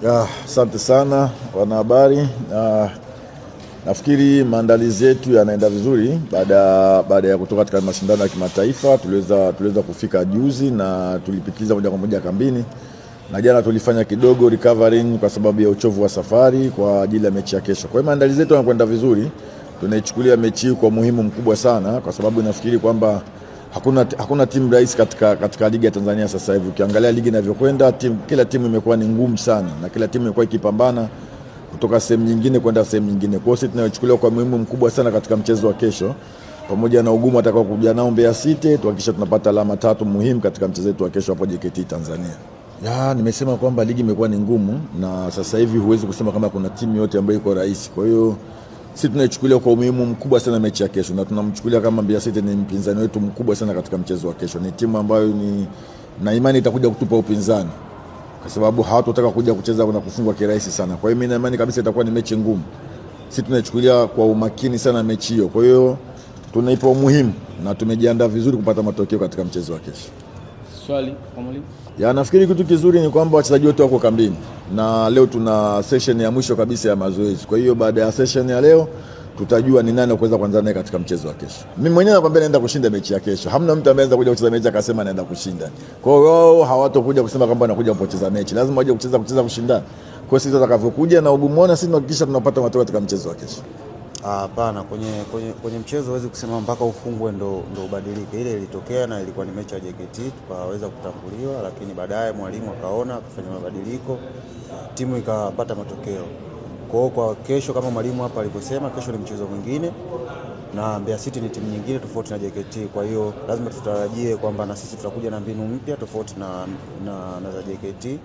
Asante ah, sana wanahabari ah, nafikiri maandalizi yetu yanaenda vizuri baada baada ya kutoka katika mashindano ya kimataifa tuliweza tuliweza kufika juzi na tulipitiliza moja kwa moja kambini, na jana tulifanya kidogo recovering kwa sababu ya uchovu wa safari kwa ajili ya mechi ya kesho. Kwa hiyo maandalizi yetu yanakwenda vizuri, tunaichukulia mechi hii kwa muhimu mkubwa sana, kwa sababu nafikiri kwamba hakuna, hakuna timu rahisi katika, katika ligi ya Tanzania sasa hivi. Ukiangalia ligi inavyokwenda timu, kila timu imekuwa ni ngumu sana na kila timu imekuwa ikipambana kutoka sehemu nyingine kwenda sehemu nyingine. Kwa hiyo sisi tunayochukulia kwa muhimu mkubwa sana katika mchezo wa kesho, pamoja na ugumu atakao kuja nao Mbeya City, tuhakikisha tunapata alama tatu muhimu katika mchezo wetu wa kesho hapo JKT Tanzania. Ya, nimesema kwamba ligi imekuwa ni ngumu na sasa hivi huwezi kusema kama kuna timu yote ambayo iko rahisi, kwa hiyo si tunaichukulia kwa umuhimu mkubwa sana mechi ya kesho, na tunamchukulia kama Mbeya City ni mpinzani wetu mkubwa sana katika mchezo wa kesho. Ni timu ambayo ni na imani itakuja kutupa upinzani, kwa sababu hawatotaka kuja kucheza na kufungwa kirahisi sana. Kwa hiyo mimi na imani kabisa itakuwa ni mechi ngumu. Si tunaichukulia kwa umakini sana mechi hiyo, kwa hiyo tunaipa umuhimu na tumejiandaa vizuri kupata matokeo katika mchezo wa kesho. Swali kwa mwalimu. Ya, nafikiri kitu kizuri ni kwamba wachezaji wote wako kambini na leo tuna session ya mwisho kabisa ya mazoezi. Kwa hiyo baada ya session ya leo tutajua ni nani kuweza kuanza naye katika mchezo wa kesho. Mimi mwenyewe nakwambia naenda kushinda mechi ya kesho. Hamna mtu ambaye kuja kucheza mechi akasema naenda kushinda. Kwa hiyo wao hawatokuja kusema kwamba anakuja kupoteza mechi. Lazima waje kucheza kucheza kushindana. Kwa hiyo sisi tutakavyokuja na ugumu wao, sisi tunahakikisha tunapata matokeo katika mchezo wa kesho. Ah, hapana, kwenye, kwenye, kwenye mchezo huwezi kusema mpaka ufungwe ndo, ndo ubadilike. Ile ilitokea na ilikuwa ni mechi ya JKT tukaweza kutambuliwa, lakini baadaye mwalimu akaona akafanya mabadiliko, timu ikapata matokeo. Kwa hiyo kwa kesho kama mwalimu hapa alivyosema, kesho ni mchezo mwingine na Mbeya City ni timu nyingine tofauti na JKT. Kwa hiyo lazima tutarajie kwamba na sisi tutakuja na mbinu mpya tofauti na, na, na za JKT.